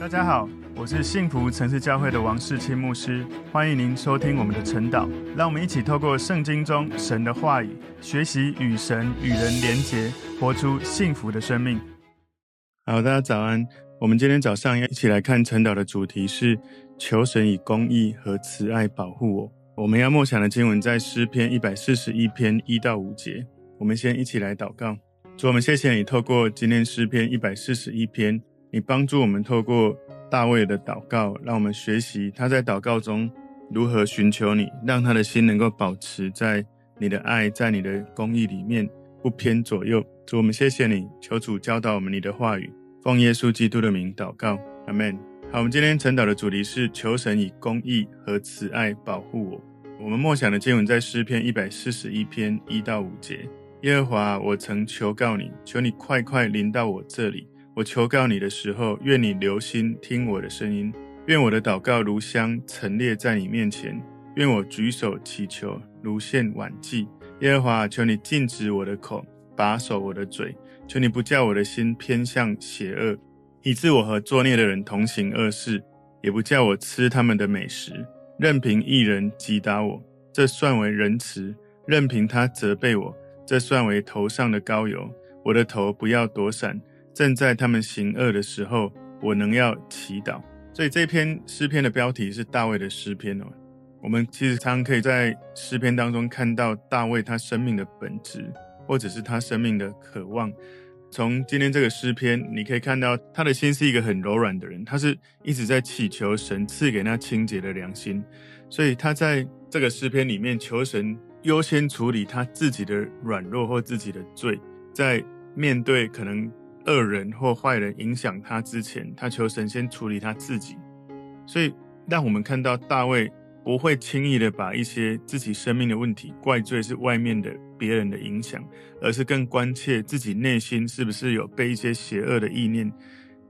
大家好，我是幸福城市教會的王世欽牧師，歡迎您收聽我們的晨禱。讓我們一起透過聖經中神的話語，學習與神與人連結，活出幸福的生命。好，大家早安。我們今天早上要一起來看晨禱的主題是“求神以公義和慈愛保護我”。我們要默想的經文在詩篇一百四十一篇一到五節。我們先一起來禱告，主，我們謝謝你，透過今天詩篇一百四十一篇。你幫助我們透過大衛的禱告，讓我們學習他在禱告中如何尋求你，讓他的心能夠保持在你的愛，在你的公義裡面，不偏左右。主，我們謝謝你，求主教導我們你的話語，奉耶穌基督的名禱告，阿門。好，我們今天晨禱的主題是求神以公義和慈愛保護我。我們默想的經文在詩篇一百四十一篇一到五節：耶和華，我曾求告你，求你快快臨到我這裡。我求告你的時候，願你留心聽我的聲音；願我的禱告如香陳列在你面前；願我舉手祈求，如獻晚祭。耶和華，求你禁止我的口，把守我的嘴；求你不叫我的心偏向邪惡，以致我和作孽的人同行惡事，也不叫我吃他們的美食。任憑義人擊打我，這算為仁慈；任憑他責備我，這算為頭上的膏油。我的頭不要躲閃。正在他們行惡的時候，我能要祈禱。所以這篇詩篇的標題是《大衛的詩篇》哦。我們其實常常可以在詩篇當中看到大衛他生命的本質，或者是他生命的渴望。從今天這個詩篇，你可以看到他的心是一個很柔軟的人，他是一直在祈求神賜給他清潔的良心。所以他在這個詩篇裡面求神優先處理他自己的軟弱或自己的罪，在面對可能。惡人或壞人影響他之前，他求神先處理他自己，所以讓我們看到大衛不會輕易地把一些自己生命的問題，怪罪是外面的別人的影響，而是更關切自己內心是不是有被一些邪惡的意念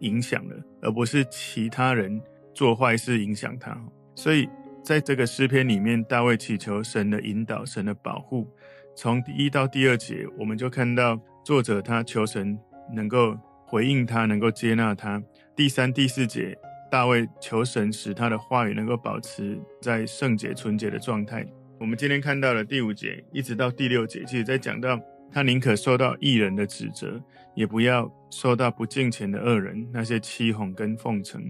影響了，而不是其他人做壞事影響他。所以在這個詩篇裡面，大衛祈求神的引導、神的保護。從第一到第二節，我們就看到作者他求神。能夠回應他，能夠接納他。第三、第四節，大衛求神使他的話語能夠保持在聖潔、純潔的狀態。我們今天看到了第五節一直到第六節，其實，在講到他寧可受到義人的指責，也不要受到不敬虔的惡人那些欺哄跟奉承。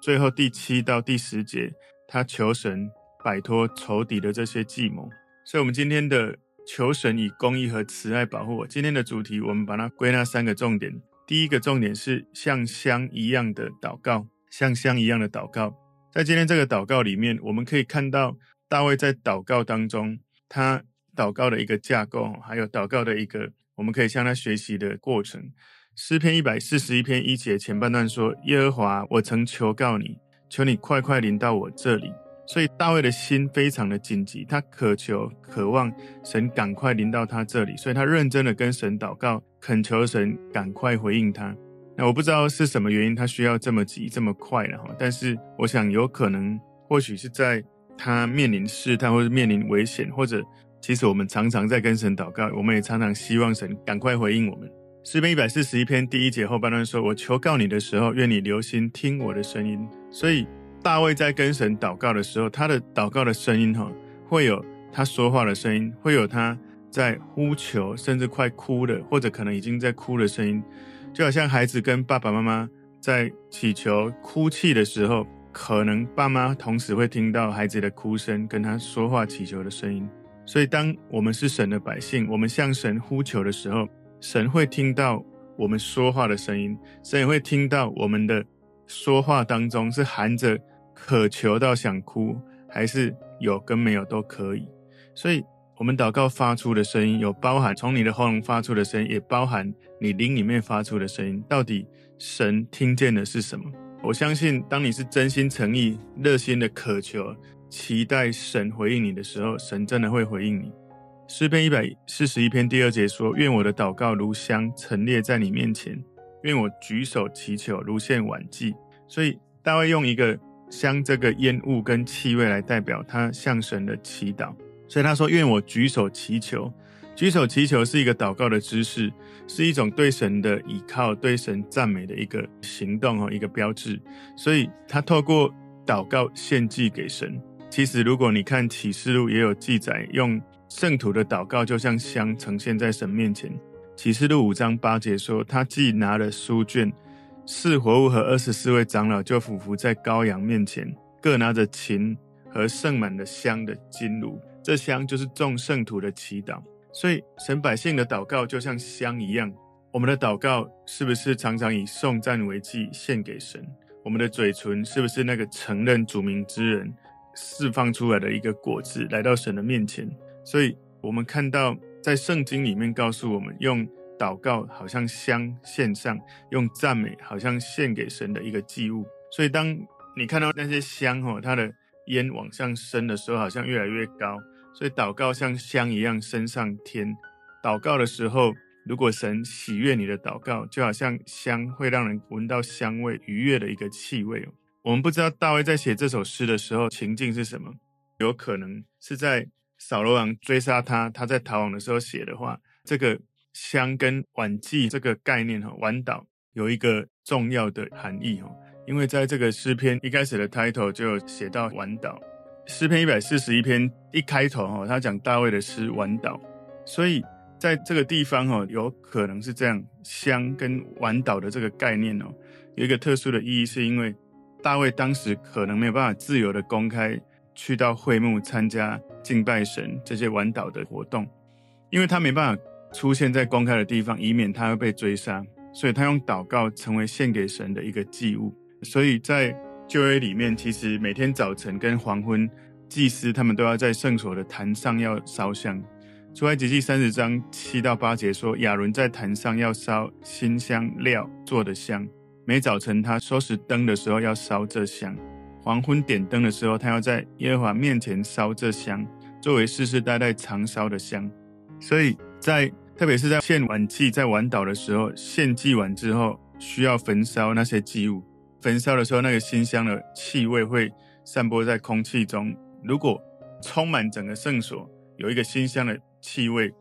最後第七到第十節，他求神擺脫仇敵的這些計謀。所以，我們今天的。求神以公義和慈愛保護我。今天的主題，我們把它歸納三個重點。第一個重點是像香一樣的禱告，像香一樣的禱告。在今天這個禱告裡面，我們可以看到大衛在禱告當中，他禱告的一個架構，還有禱告的一個，我們可以向他學習的過程。詩篇一百四十一篇一節前半段說：“耶和華，我曾求告你，求你快快臨到我這裡。”所以大衛的心非常的緊急，他渴求、渴望神趕快臨到他這裡，所以他認真的跟神禱告，懇求神趕快回應他。那我不知道是什麼原因，他需要這麼急、這麼快了哈。但是我想有可能，或許是在他面臨試探，或者面臨危險，或者其實我們常常在跟神禱告，我們也常常希望神趕快回應我們。詩篇一百四十一篇第一節後半段說：“我求告你的時候，願你留心聽我的聲音。”所以。大衛在跟神禱告的時候，他的禱告的聲音哈，會有他說話的聲音，會有他在呼求，甚至快哭了，或者可能已經在哭的聲音，就好像孩子跟爸爸媽媽在祈求、哭泣的時候，可能爸媽同時會聽到孩子的哭聲，跟他說話、祈求的聲音。所以，當我們是神的百姓，我們向神呼求的時候，神會聽到我們說話的聲音，神也會聽到我們的說話當中是含着。渴求到想哭，還是有跟沒有都可以。所以，我們禱告發出的聲音，有包含從你的喉嚨發出的聲音，也包含你靈裡面發出的聲音。到底神聽見的是什麼？我相信，當你是真心誠意、熱心的渴求、期待神回應你的時候，神真的會回應你。詩篇一百四十一篇第二節說：“願我的禱告如香陳列在你面前，願我舉手祈求如獻晚祭。”所以，大衛用一個。香這個煙霧跟氣味來代表他向神的祈禱，所以他說：“願我舉手祈求，舉手祈求是一個禱告的姿勢，是一種對神的依靠、對神讚美的一個行動和一個標誌。”所以他透過禱告獻祭給神。其實，如果你看啟示錄，也有記載用聖徒的禱告，就像香呈現在神面前。啟示錄五章八節說：“他既拿了書卷。”四活物和二十四位長老就匍匐在羔羊面前，各拿着琴和盛滿了香的金爐。這香就是眾聖徒的祈禱，所以神百姓的禱告就像香一樣。我們的禱告是不是常常以頌讚為祭獻給神？我們的嘴唇是不是那個承認主名之人釋放出來的一個果子，來到神的面前？所以，我們看到在聖經裡面告訴我們用。禱告好像香獻上，用讚美好像獻給神的一個祭物。所以，當你看到那些香哦，它的煙往上升的時候，好像越來越高。所以，禱告像香一樣升上天。禱告的時候，如果神喜悅你的禱告，就好像香會讓人聞到香味，愉悅的一個氣味。我們不知道大衛在寫這首詩的時候情境是什麼，有可能是在掃羅王追殺他，他在逃亡的時候寫的話，這個。香跟晚祭這個概念哈，晚禱有一個重要的含義哈，因為在這個詩篇一開始的 title 就寫到晚禱，詩篇一百四十一篇一開頭哈，他講大衛的詩晚禱，所以在這個地方哈，有可能是這樣，香跟晚禱的這個概念哦，有一個特殊的意義，是因為大衛當時可能沒有辦法自由的公開去到會幕參加敬拜神這些晚禱的活動，因為他沒辦法。出現在公開的地方，以免他會被追殺，所以他用禱告成為獻給神的一個祭物。所以在舊約裡面，其實每天早晨跟黃昏，祭司他們都要在聖所的壇上要燒香。出埃及記三十章七到八節說，亞倫在壇上要燒馨香料做的香。每早晨他收拾燈的時候要燒這香，黃昏點燈的時候他要在耶和華面前燒這香，作為世世代代常燒的香。所以在特別是在獻晚祭、在晚禱的時候，獻祭完之後需要焚燒那些祭物。焚燒的時候，那個馨香的氣味會散播在空氣中。如果充滿整個聖所，有一個馨香的氣味，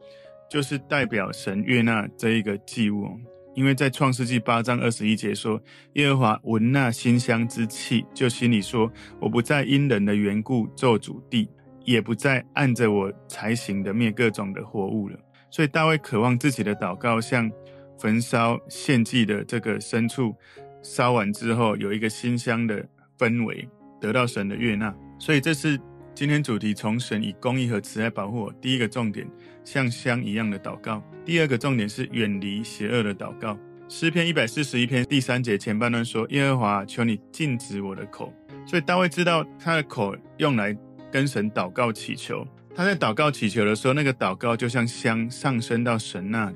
就是代表神悅納這一個祭物。因為在創世紀八章二十一節說：“耶和華聞那馨香之氣，就心裡說：我不再因人的緣故咒詛地，也不再按着我才行的滅各種的活物了。”所以大衛渴望自己的禱告像焚燒獻祭的這個牲畜，燒完之後有一個馨香的氛圍，得到神的悅納。所以這是今天主題：求神以公義和慈愛保護我。第一個重點，像香一樣的禱告；第二個重點是遠離邪惡的禱告。詩篇一百四十一篇第三節前半段說：“耶和華求你禁止我的口。”所以大衛知道他的口用來跟神禱告祈求。他在禱告祈求的時候，那個禱告就像香上升到神那裡。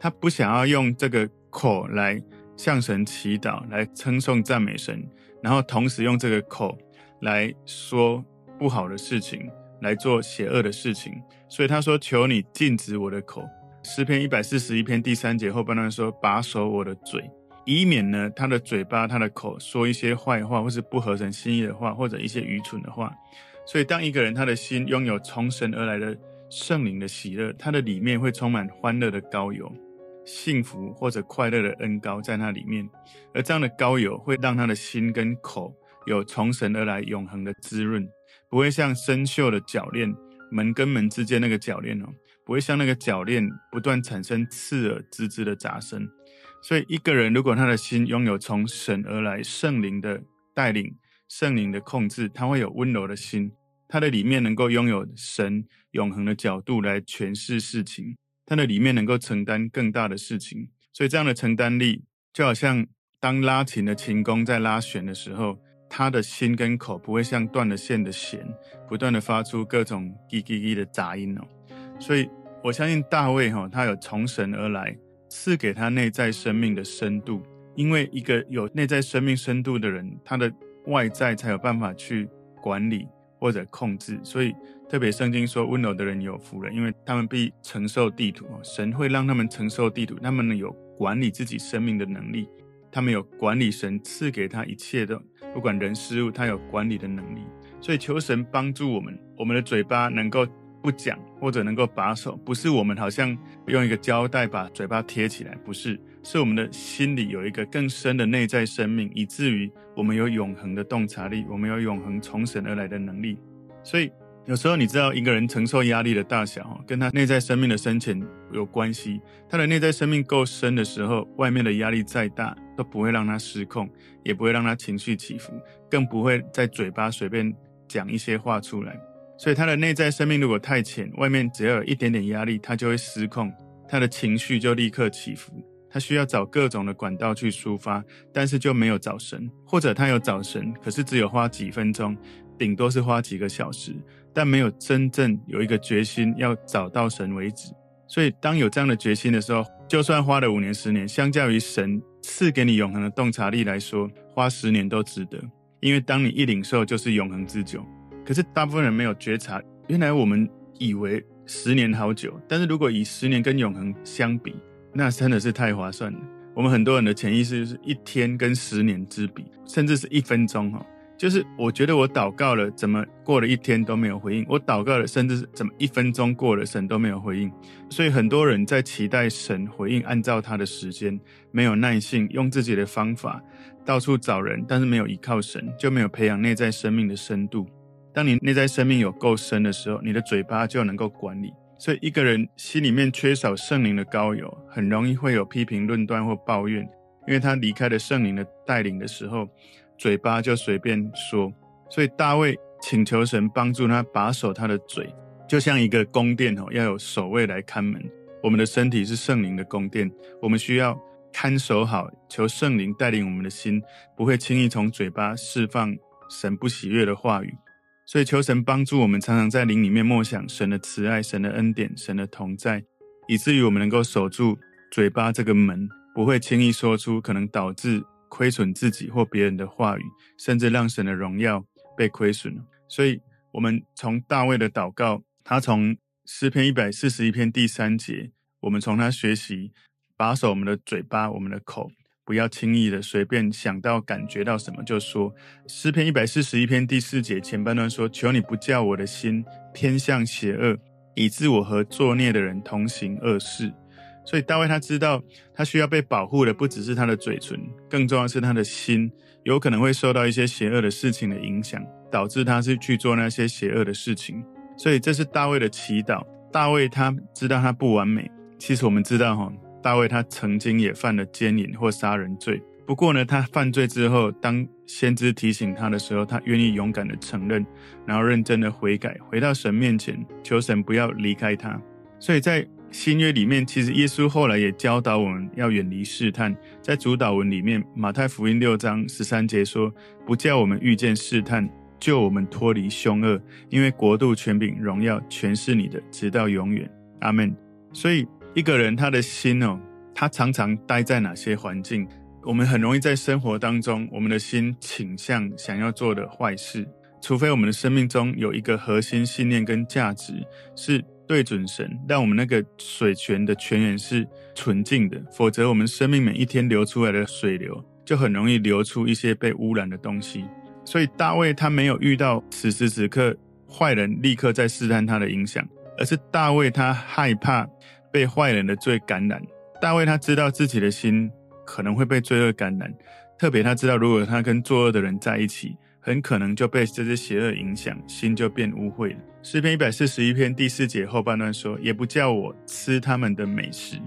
他不想要用這個口來向神祈禱，來稱頌讚美神，然後同時用這個口來說不好的事情，來做邪惡的事情。所以他說：“求你禁止我的口。”詩篇一百四十一篇第三節後半段說：“把守我的嘴，以免呢他的嘴巴、他的口說一些壞話，或是不合神心意的話，或者一些愚蠢的話。”所以，當一個人他的心擁有從神而來的聖靈的喜樂，他的裡面會充滿歡樂的膏油、幸福或者快樂的恩膏在那裡面。而這樣的膏油會讓他的心跟口有從神而來永恆的滋潤，不會像生鏽的鉸鏈，門跟門之間那個鉸鏈哦，不會像那個鉸鏈不斷產生刺耳吱吱的雜聲。所以，一個人如果他的心擁有從神而來聖靈的帶領、聖靈的控制，他會有溫柔的心。他的裡面能夠擁有神永恆的角度來詮釋事情，他的裡面能夠承擔更大的事情，所以這樣的承擔力，就好像當拉琴的琴弓在拉絃的時候，他的心跟口不會像斷了線的絃，不斷的發出各種“嘰嘰嘰”的雜音哦。所以我相信大衛哈、哦，他有從神而來賜給他內在生命的深度，因為一個有內在生命深度的人，他的外在才有辦法去管理，或者控制，所以特別聖經說，溫柔的人有福了，因為他們必承受地土，神會讓他們承受地土，他們呢，有管理自己生命的能力，他們有管理神賜給他一切的，不管人事物，他有管理的能力。所以求神幫助我們，我們的嘴巴能夠不講，或者能夠把守，不是我們好像用一個膠帶把嘴巴貼起來，不是。是我們的心裡有一個更深的內在生命，以至於我們有永恆的洞察力，我們有永恆重生而來的能力。所以有時候你知道，一個人承受壓力的大小，跟他內在生命的深淺有關係。他的內在生命夠深的時候，外面的壓力再大都不會讓他失控，也不會讓他情緒起伏，更不會在嘴巴隨便講一些話出來。所以他的內在生命如果太淺，外面只要有一點點壓力，他就會失控，他的情緒就立刻起伏。他需要找各種的管道去抒發，但是就沒有找神，或者他有找神，可是只有花幾分鐘，頂多是花幾個小時，但沒有真正有一個決心要找到神為止。所以，當有這樣的決心的時候，就算花了五年、十年，相較於神賜給你永恆的洞察力來說，花十年都值得，因為當你一領受，就是永恆之久。可是，大部分人沒有覺察，原來我們以為十年好久，但是如果以十年跟永恆相比，那真的是太划算了。我們很多人的潛意識就是一天跟十年之比，甚至是一分鐘哈，就是我覺得我禱告了，怎麼過了一天都沒有回應；我禱告了，甚至是怎麼一分鐘過了，神都沒有回應。所以很多人在期待神回應，按照他的時間，沒有耐性，用自己的方法到處找人，但是沒有依靠神，就沒有培養內在生命的深度。當你內在生命有夠深的時候，你的嘴巴就能夠管理。所以一個人心裡面缺少聖靈的膏油，很容易會有批評、論斷或抱怨，因為他離開了聖靈的帶領的時候，嘴巴就隨便說。所以大衛請求神幫助他把守他的嘴，就像一個宮殿吼要有守衛來看門。我們的身體是聖靈的宮殿，我們需要看守好，求聖靈帶領我們的心，不會輕易從嘴巴釋放神不喜悅的話語。所以求神幫助我們，常常在靈裡面默想神的慈愛、神的恩典、神的同在，以至於我們能夠守住嘴巴這個門，不會輕易說出可能導致虧損自己或別人的話語，甚至讓神的榮耀被虧損。所以，我們從大衛的禱告，他從詩篇一百四十一篇第三節，我們從他學習把守我們的嘴巴、我們的口。不要輕易的隨便想到感覺到什麼就說，詩篇一百四十一篇第四節前半段說：求你不叫我的心偏向邪惡，以致我和作孽的人同行惡事。所以大衛他知道他需要被保護的不只是他的嘴唇，更重要的是他的心有可能會受到一些邪惡的事情的影響，導致他是去做那些邪惡的事情。所以這是大衛的祈禱。大衛他知道他不完美。其實我們知道哈。大衛他曾經也犯了奸淫或殺人罪，不過呢，他犯罪之後，當先知提醒他的時候，他願意勇敢的承認，然後認真的悔改，回到神面前求神不要離開他。所以在新約裡面，其實耶穌後來也教導我們要遠離試探，在主禱文裡面，馬太福音六章十三節說：“不叫我們遇見試探，救我們脫離兇惡，因為國度、權柄、榮耀全是你的，直到永遠。”阿門。所以。一個人他的心哦，他常常待在哪些環境？我們很容易在生活當中，我們的心傾向想要做的壞事，除非我們的生命中有一個核心信念跟價值是對準神，讓我們那個水泉的泉源是純淨的，否則我們生命每一天流出來的水流就很容易流出一些被污染的東西。所以大衛他沒有遇到此時此刻壞人立刻在試探他的影響，而是大衛他害怕。被壞人的罪感染，大衛他知道自己的心可能會被罪惡感染，特別他知道如果他跟作惡的人在一起，很可能就被這些邪惡影響，心就變污穢了。詩篇一百四十一篇第四節後半段說：“也不叫我吃他們的美食。”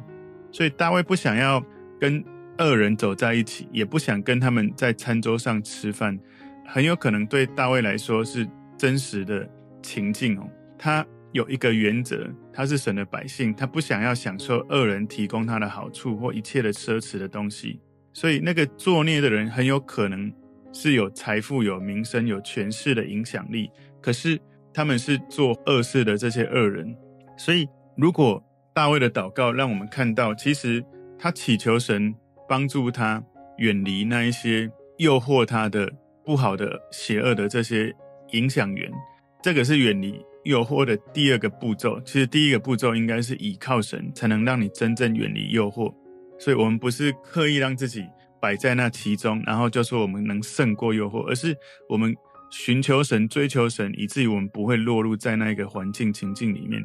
所以大衛不想要跟惡人走在一起，也不想跟他們在餐桌上吃飯，很有可能對大衛來說是真實的情境哦，他。有一個原則，他是神的百姓，他不想要享受惡人提供他的好處或一切的奢侈的東西。所以那個作孽的人很有可能是有財富、有名聲、有權勢的影響力。可是他們是做惡事的這些惡人。所以如果大衛的禱告讓我們看到，其實他祈求神幫助他遠離那一些誘惑他的不好的、邪惡的這些影響源，這個是遠離。誘惑的第二個步驟，其實第一個步驟應該是倚靠神，才能讓你真正遠離誘惑。所以，我們不是刻意讓自己擺在那其中，然後就說我們能勝過誘惑，而是我們尋求神、追求神，以至於我們不會落入在那一個環境情境裡面。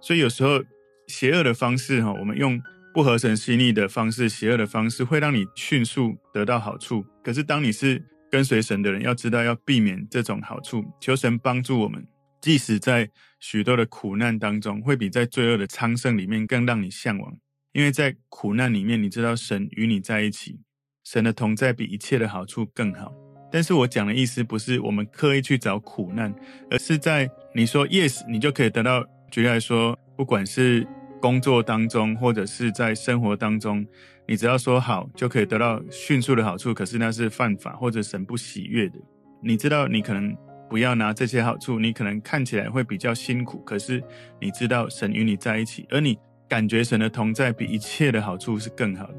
所以，有時候邪惡的方式，哈，我們用不合神心意的方式、邪惡的方式，會讓你迅速得到好處。可是，當你是跟隨神的人，要知道要避免這種好處，求神幫助我們。即使在許多的苦難當中，會比在罪惡的昌盛裡面更讓你向往，因為在苦難裡面，你知道神與你在一起，神的同在比一切的好處更好。但是我講的意思不是我們刻意去找苦難，而是在你說 yes，你就可以得到。舉例來說，不管是工作當中或者是在生活當中，你只要說好，就可以得到迅速的好處。可是那是犯法或者神不喜悅的。你知道，你可能。不要拿這些好處，你可能看起來會比較辛苦，可是你知道神與你在一起，而你感覺神的同在比一切的好處是更好的。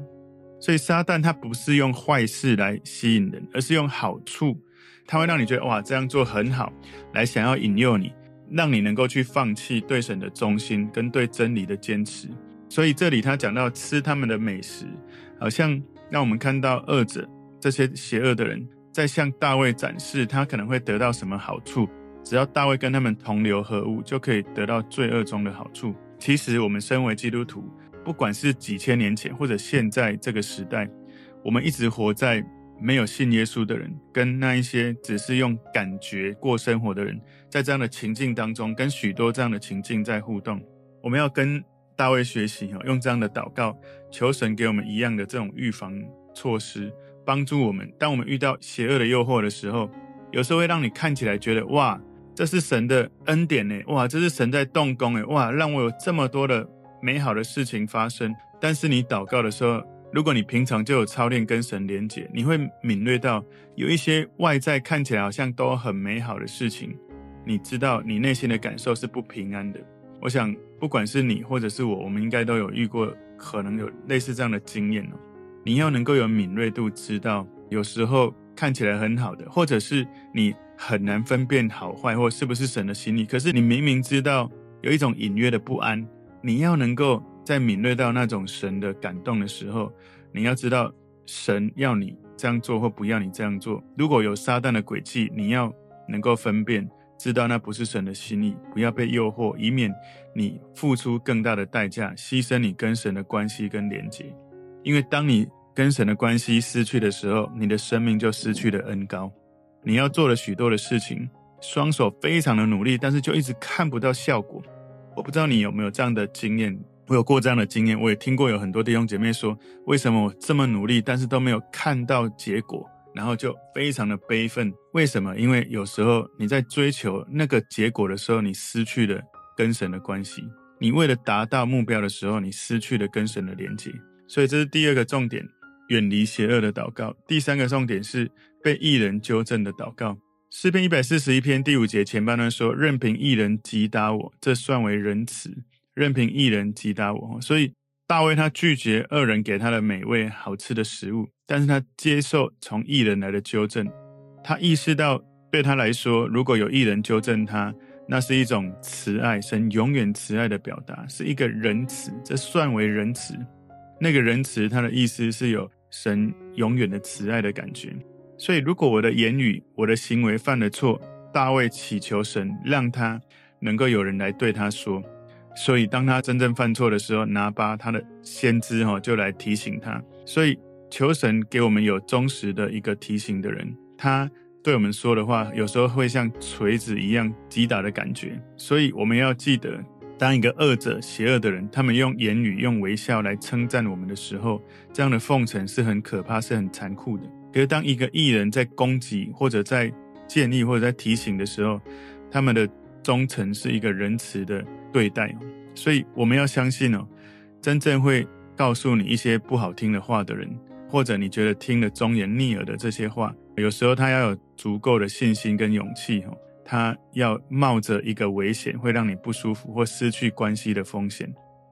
所以撒旦他不是用壞事來吸引人，而是用好處，他會讓你覺得哇，這樣做很好，來想要引誘你，讓你能夠去放棄對神的忠心跟對真理的堅持。所以這裡他講到吃他們的美食，好像讓我們看到惡者這些邪惡的人。在向大衛展示他可能會得到什麼好處。只要大衛跟他們同流合污，就可以得到罪惡中的好處。其實，我們身為基督徒，不管是幾千年前或者現在這個時代，我們一直活在沒有信耶穌的人跟那一些只是用感覺過生活的人，在這樣的情境當中，跟許多這樣的情境在互動。我們要跟大衛學習啊，用這樣的禱告，求神給我們一樣的這種預防措施。幫助我們，當我們遇到邪惡的誘惑的時候，有時候會讓你看起來覺得哇，這是神的恩典呢，哇，這是神在動工哎，哇，讓我有這麼多的美好的事情發生。但是你禱告的時候，如果你平常就有操練跟神連接，你會敏銳到有一些外在看起來好像都很美好的事情，你知道你內心的感受是不平安的。我想，不管是你或者是我，我們應該都有遇過可能有類似這樣的經驗哦。你要能夠有敏銳度，知道有時候看起來很好的，或者是你很難分辨好壞或是不是神的心意。可是你明明知道有一種隱約的不安，你要能夠在敏銳到那種神的感動的時候，你要知道神要你這樣做或不要你這樣做。如果有撒旦的詭計，你要能夠分辨，知道那不是神的心意，不要被誘惑，以免你付出更大的代價，犧牲你跟神的關係跟連接。因為當你跟神的關係失去的時候，你的生命就失去了恩膏。你要做了許多的事情，雙手非常的努力，但是就一直看不到效果。我不知道你有沒有這樣的經驗？我有過這樣的經驗。我也聽過有很多弟兄姐妹說，為什麼我這麼努力，但是都沒有看到結果，然後就非常的悲憤。為什麼？因為有時候你在追求那個結果的時候，你失去了跟神的關係；你為了達到目標的時候，你失去了跟神的連接。所以這是第二個重點，遠離邪惡的禱告。第三個重點是被義人糾正的禱告。詩篇一百四十一篇第五節前半段說：“任憑義人擊打我，這算為仁慈。”任憑義人擊打我。所以大衛他拒絕惡人給他的美味好吃的食物，但是他接受從義人來的糾正。他意識到，對他來說，如果有義人糾正他，那是一種慈愛，神永遠慈愛的表達，是一個仁慈，這算為仁慈。那個仁慈，他的意思是有神永遠的慈愛的感覺。所以，如果我的言語、我的行為犯了錯，大衛祈求神，讓他能夠有人來對他說。所以，當他真正犯錯的時候，拿八他的先知哈就來提醒他。所以，求神給我們有忠實的一個提醒的人，他對我們說的話，有時候會像錘子一樣擊打的感覺。所以，我們要記得。當一個惡者、邪惡的人，他們用言語、用微笑來稱讚我們的時候，這樣的奉承是很可怕、是很殘酷的。可是，當一個義人在攻擊、或者在建議、或者在提醒的時候，他們的忠誠是一個仁慈的對待。所以，我們要相信哦，真正會告訴你一些不好聽的話的人，或者你覺得聽了忠言逆耳的這些話，有時候他要有足夠的信心跟勇氣。他要冒着一個危險，會讓你不舒服或失去關係的風險，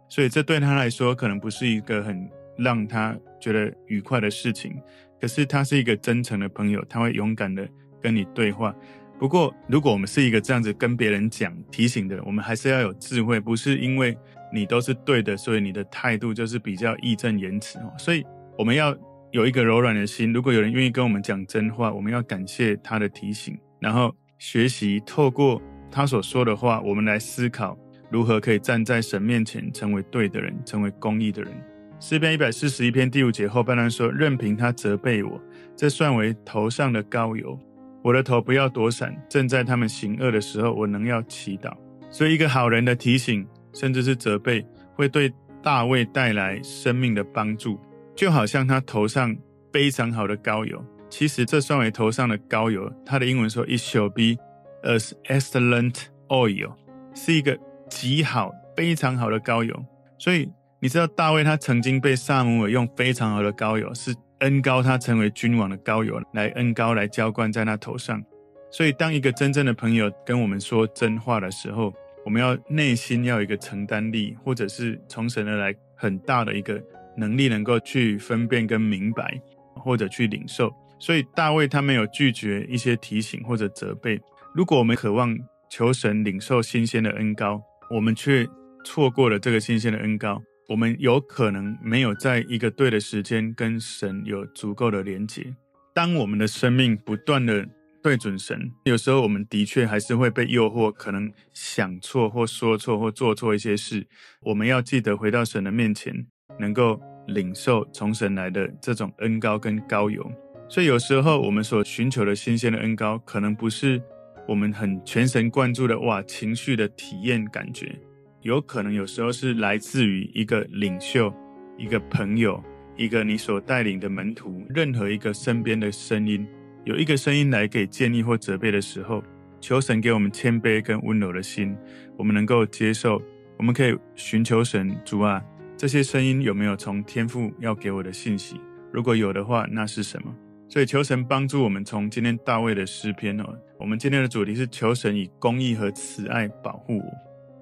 所以這對他來說可能不是一個很讓他覺得愉快的事情。可是他是一個真誠的朋友，他會勇敢的跟你對話。不過，如果我們是一個這樣子跟別人講提醒的人，我們還是要有智慧，不是因為你都是對的，所以你的態度就是比較義正言辭。所以我們要有一個柔軟的心。如果有人願意跟我們講真話，我們要感謝他的提醒，然後。學習透過他所說的話，我們來思考如何可以站在神面前，成為對的人，成為公義的人。詩篇一百四十一篇第五節後半段說：“任憑他責備我，這算為頭上的膏油。我的頭不要躲閃，正在他們行惡的時候，我能要祈禱。”所以，一個好人的提醒，甚至是責備，會對大衛帶來生命的幫助，就好像他頭上非常好的膏油。其實這算為頭上的膏油，它的英文說 “It shall be as excellent oil”，是一個極好、非常好的膏油。所以你知道大衛他曾經被撒母耳用非常好的膏油，是恩膏他成為君王的膏油來恩膏來澆灌在他頭上。所以當一個真正的朋友跟我們說真話的時候，我們要內心要有一個承擔力，或者是從神而來很大的一個能力，能夠去分辨跟明白，或者去領受。所以大衛他沒有拒絕一些提醒或者責備。如果我們渴望求神領受新鮮的恩膏，我們卻錯過了這個新鮮的恩膏。我們有可能沒有在一個對的時間跟神有足夠的連結。當我們的生命不斷的對準神，有時候我們的確還是會被誘惑，可能想錯或說錯或做錯一些事。我們要記得回到神的面前，能夠領受從神來的這種恩膏跟膏油。所以有時候我們所尋求的新鮮的恩膏，可能不是我們很全神貫注的哇情緒的體驗感覺，有可能有時候是來自於一個領袖、一個朋友、一個你所帶領的門徒，任何一個身邊的聲音，有一個聲音來給建議或責備的時候，求神給我們謙卑跟溫柔的心，我們能夠接受，我們可以尋求神，主啊，這些聲音有沒有從天父要給我的信息？如果有的話，那是什麼？所以求神幫助我們，從今天大衛的詩篇哦，我們今天的主題是求神以公義和慈愛保護我。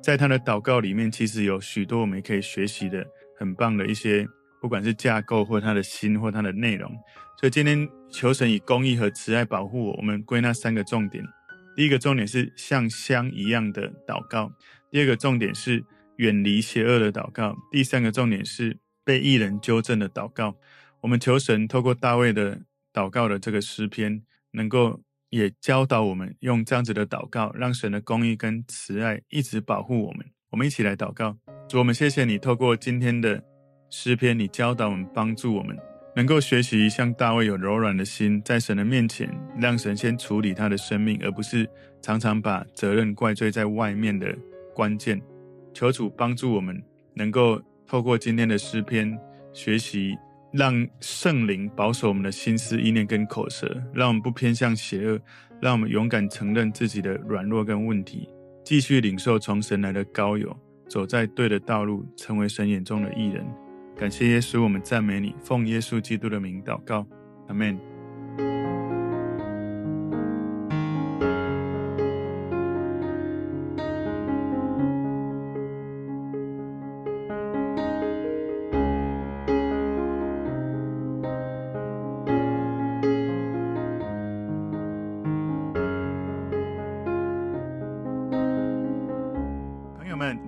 在他的禱告裡面，其實有許多我們可以學習的很棒的一些，不管是架構或他的心或他的內容。所以今天求神以公義和慈愛保護我。我們歸納三個重點：第一個重點是像香一樣的禱告；第二個重點是遠離邪惡的禱告；第三個重點是被義人糾正的禱告。我們求神透過大衛的。禱告的這個詩篇，能夠也教導我們用這樣子的禱告，讓神的公義跟慈愛一直保護我們。我們一起來禱告，主，我們謝謝你透過今天的詩篇，你教導我們，幫助我們能夠學習向大衛有柔軟的心，在神的面前，讓神先處理他的生命，而不是常常把責任怪罪在外面的關鍵。求主幫助我們能夠透過今天的詩篇學習。讓聖靈保守我們的心思意念跟口舌，讓我們不偏向邪惡，讓我們勇敢承認自己的軟弱跟問題，繼續領受從神來的膏油，走在對的道路，成為神眼中的義人。感謝耶穌，我們讚美你。奉耶穌基督的名禱告，阿門。